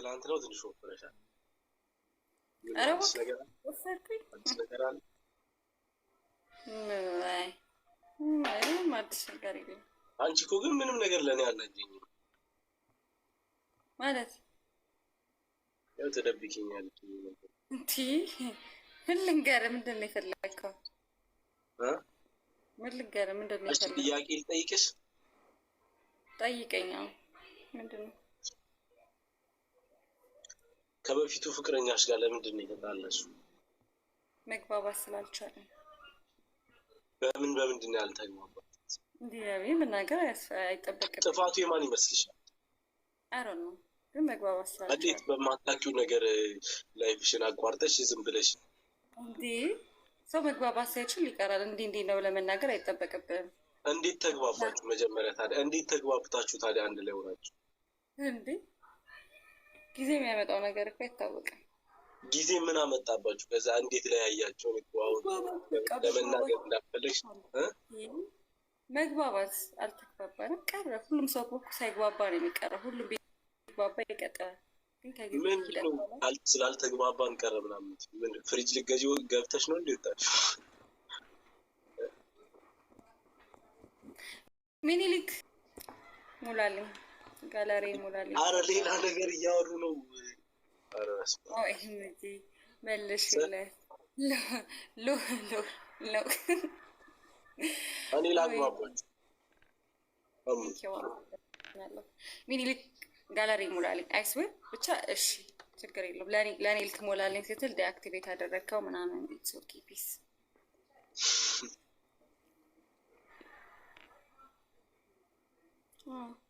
ትላንት ነው ትንሽ ወፍረሻል። አንቺ እኮ ግን ምንም ነገር ለእኔ አላገኝም ማለት ያው ተደብቂኛለሽ። እንቲ ምን ልንገርህ? ምንድን ነው የፈለግከው? ምን ልንገርህ? ምንድን ነው ጥያቄ ልጠይቅሽ? ጠይቀኛው ምንድን ነው ከበፊቱ ፍቅረኛሽ ጋር ለምንድን ነው የተጣለሱ? መግባባት ስላልቻለ። በምን በምንድን ነው ያልተግባባት? እንዲህ መናገር አይጠበቅም። ጥፋቱ የማን ይመስልሻል? አሮ ነው ግን መግባባት ስላልቻለ እንዴት በማታውቂው ነገር ላይፍሽን አቋርጠሽ ዝም ብለሽ እንዴ? ሰው መግባባት ሳይችል ይቀራል። እንዲህ እንዲህ ነው ለመናገር አይጠበቅብም። እንዴት ተግባባችሁ? መጀመሪያ ታዲያ እንዴት ተግባብታችሁ ታዲያ አንድ ላይ ሆናችሁ እንዴ ጊዜ የሚያመጣው ነገር እኮ አይታወቅም። ጊዜ ምን አመጣባችሁ? ከዛ እንዴት ላይ አሁን ለመናገር እንዳፈለሽ መግባባት አልተግባባንም ቀረ። ሁሉም ሰው እኮ ሳይግባባ ነው የሚቀረ ሁሉም ግባባ ይቀጥላል። ምን ስላልተግባባን ቀረ ምናምን ፍሪጅ ልገዢ ገብተሽ ነው እንዲ ሚኒሊክ ሙላልኝ ጋለሪ ሞላል። አረ ሌላ ነገር እያወሩ ነው። መልሽ ሚኒሊክ ጋለሪ ይሞላልኝ አይስ ወይ ብቻ እሺ፣ ችግር የለም ለእኔ ልትሞላልኝ ስትል ዲአክቲቬት ያደረግከው ምናምን ኦኬ ፒስ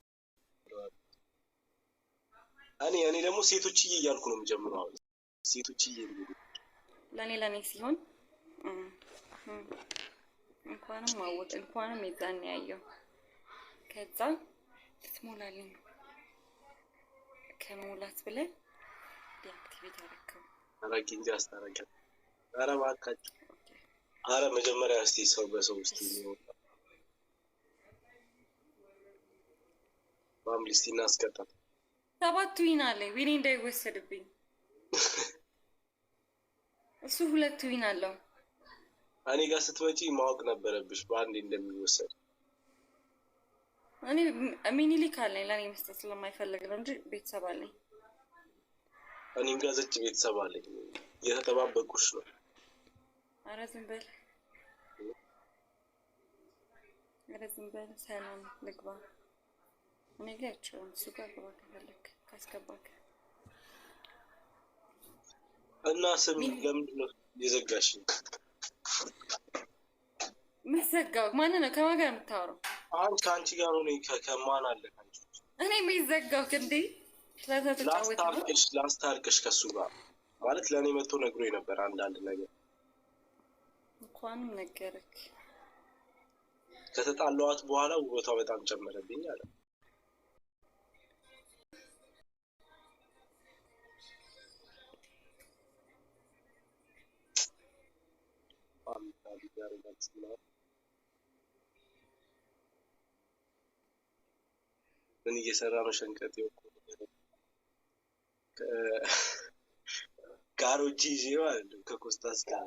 እኔ እኔ ደግሞ ሴቶችዬ እያልኩ ነው የምጀምረው። አሁን ሴቶችዬ ለእኔ ለእኔ ሲሆን እንኳንም አወቅ እንኳንም የዛን ያየው ከዛ ልትሞላልኝ ከሞላት ብለን ዲአክቲቬት አደረከው። አረቂ እንጂ አስታረቂ። አረ እባካችሁ፣ አረ መጀመሪያ እስቲ ሰው በሰው ውስጥ የሚወጣ ፋሚሊ እናስቀጣል ሰባቱ ዊን አለኝ። ዊኔ እንዳይወሰድብኝ እሱ ሁለት ዊን አለው። እኔ ጋር ስትመጪ ማወቅ ነበረብሽ በአንዴ እንደሚወሰድ። እኔ ሚኒሊክ አለኝ ለእኔ መስጠት ስለማይፈልግ ነው እንጂ ቤተሰብ አለኝ። እኔም ጋር ዘጭ ቤተሰብ አለኝ። እየተጠባበቁሽ ነው። ኧረ ዝም በል፣ ኧረ ዝም በል። ሰላም ልግባ እኔ እሱ ጋር ግባ ከፈለክ ካስገባክ እና ስም ለምንድን ነው የዘጋሽ? መዘጋው ማን ነው ከማን ጋር የምታወራው? አሁን ከአንቺ ጋር ሆነ ከማን አለ እኔ የሚዘጋው እንዴ? ላስታርቅሽ ላስታርቅሽ ከሱ ጋር ማለት ለእኔ መጥቶ ነግሮ ነበር አንዳንድ ነገር እንኳንም ነገረክ። ከተጣላዋት በኋላ ውበቷ በጣም ጨመረብኝ አለ ምን እየሰራ ነው? ሸንቀጤ ጋሮጂ ይዤ ማለት ነው። ከኮስታስ ጋር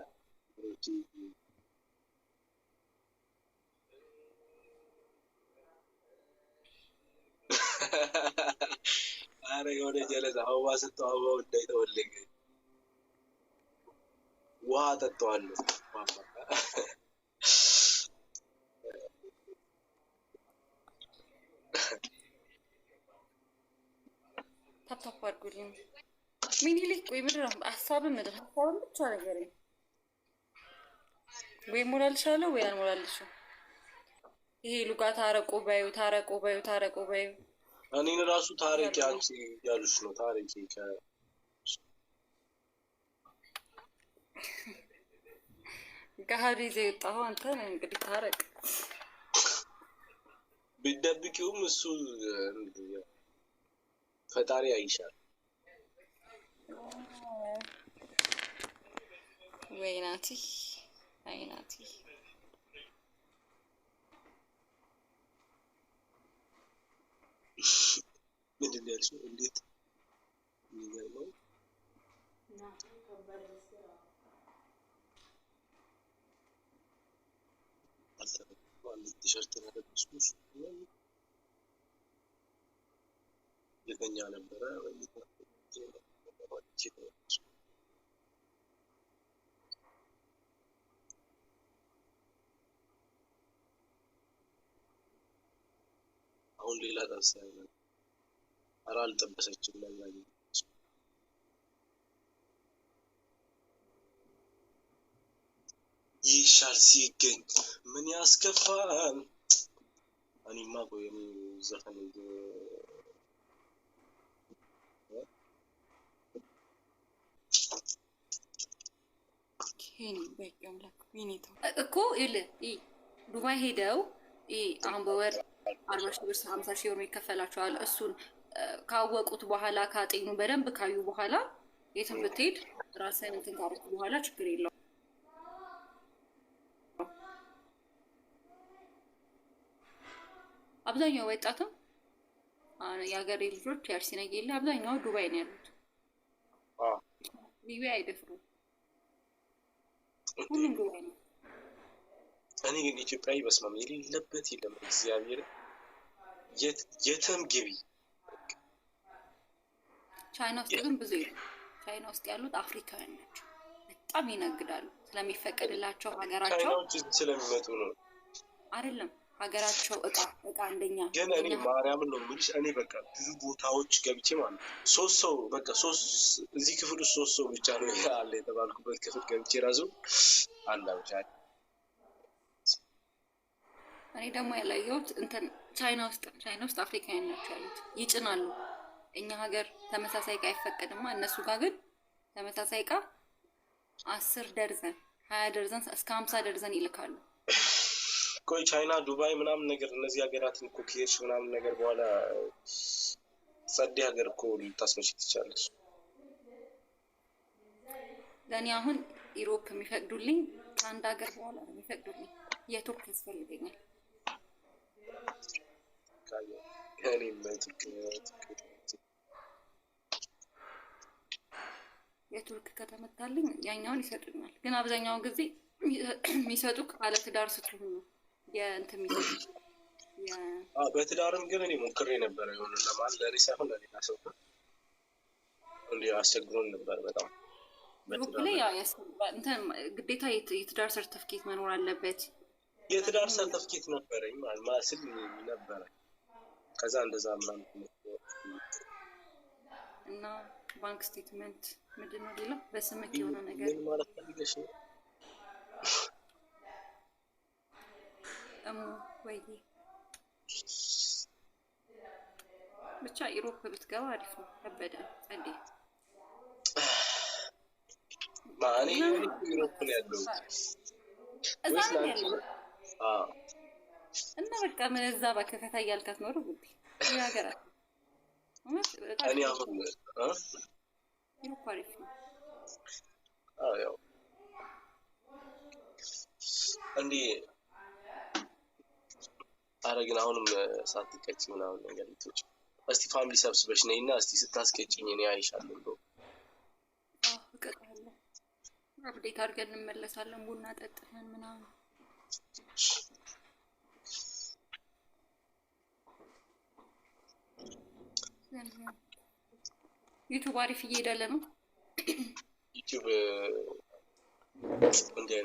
አረ የሆነ ጀለዛ አበባ ሰጠው። አበባው እንዳይተወለገ ውሃ ጠጣዋለሁ። ታፕታፕ አድርጉልኝ። ሚኒሊክ ወይ ምድር ሀሳብ ምድር ሀሳብን ብቻ ወይ ሞላልሻለሁ ወይ አልሞላልሽም። ይሄ ሉጋ ታረቆ በዩ ታረቆ በዩ ታረቆ ባዩ እኔን ራሱ ታሪክ አንቺ እያሉሽ ነው ታሪክ ከ አንተ ነህ። እንግዲህ ታረቅ ቢደብቂውም እሱ فتاري Aisha. آه. ويناتي عيناتي من اللي قال الليت اللي قال نعم قلت له التيشيرت هذا بسوس የተኛ ነበረ። አሁን ሌላ ታሳ ኧረ አልጠበሰችም ላይ ይሻል ሲገኝ ምን ያስከፋል? እኔማ ቆይ ዘፈን እኮ ይኸውልህ ዱባይ ሄደው አሁን በወር አርባ ሺህ ብር ሀምሳ ሺህ ብር ይከፈላቸዋል። እሱን ካወቁት በኋላ ካጤኑ በደንብ ካዩ በኋላ የትም ብትሄድ ራስህን እንትን በኋላ ችግር የለውም። አብዛኛው ወጣትም የሀገሬ ልጆች የለ አብዛኛው ዱባይ ነው ያሉት። ሊቢያ አይደፍሩም። እኔ ግን ኢትዮጵያዊ በስማም የሌለበት የለም። እግዚአብሔር የትም ግቢ ቻይና ውስጥ ግን ብዙ የለም። ቻይና ውስጥ ያሉት አፍሪካውያን ናቸው። በጣም ይነግዳሉ ስለሚፈቀድላቸው ሀገራቸው ስለሚመጡ ነው አይደለም ሀገራቸው እቃ እቃ አንደኛ ግን እኔ ማርያምን ነው የምልሽ። እኔ በቃ ብዙ ቦታዎች ገብቼ ማለት ነው ሶስት ሰው በቃ ሶስት እዚህ ክፍል ውስጥ ሶስት ሰው ብቻ ነው አለ የተባልኩበት ክፍል ገብቼ ራሱ አላ ብቻ እኔ ደግሞ ያላየሁት እንትን ቻይና ውስጥ ቻይና ውስጥ አፍሪካውያን ናቸው ያሉት ይጭናሉ። እኛ ሀገር ተመሳሳይ እቃ አይፈቀድማ። እነሱ ጋር ግን ተመሳሳይ እቃ አስር ደርዘን ሀያ ደርዘን እስከ ሀምሳ ደርዘን ይልካሉ። ቆይ ቻይና፣ ዱባይ ምናምን ነገር እነዚህ ሀገራትን እኮ ከሄድሽ ምናምን ነገር በኋላ ጸዴ ሀገር እኮ ልታስመች ትቻለች። ለእኔ አሁን ኢሮፕ የሚፈቅዱልኝ ከአንድ ሀገር በኋላ የሚፈቅዱልኝ የቱርክ ያስፈልገኛል። የቱርክ ከተመታልኝ ያኛውን ይሰጡኛል። ግን አብዛኛውን ጊዜ የሚሰጡ ባለትዳር ስትሆን የእንትን በትዳርም ግን እኔ ሞክሬ ነበረ የሆነ ለማለት ለእኔ ሳይሆን ለሌላ ሰው እንዲ አስቸግሮን ነበር በጣም ግዴታ የትዳር ሰርተፍኬት መኖር አለበት። የትዳር ሰርተፍኬት ነበረኝ ማስል ነበረ። ከዛ እንደዛ እና ባንክ ስቴትመንት ምንድን ነው ሌላ በስምክ የሆነ ነገር ማለት ፈልገሽ ነው እሙ ወይ ብቻ ኢሮፕ ብትገባ አሪፍ ነው። ከበደ ጸዴ ማኔ ኢሮፕ ነው ያለው እዛ ነው ያለው እና በቃ ምን እዛ በከፈታ እያልካት ኖሮ ጉዴ ያገራል። እኔ አሁን ኢሮፕ አሪፍ ነው። አዎ እንዴ አረ ግን አሁንም ሳትቀጭ ምናምን ነገር ልትወጪ እስቲ ፋሚሊ ሰብስበሽ ነይ እና እስቲ ስታስቀጭኝ እኔ አይሻለሁ እንደው አፕዴት አድርገን እንመለሳለን። ቡና ጠጥተን ምናምን ዩቱብ አሪፍ እየሄዳለ ነው ዩቱብ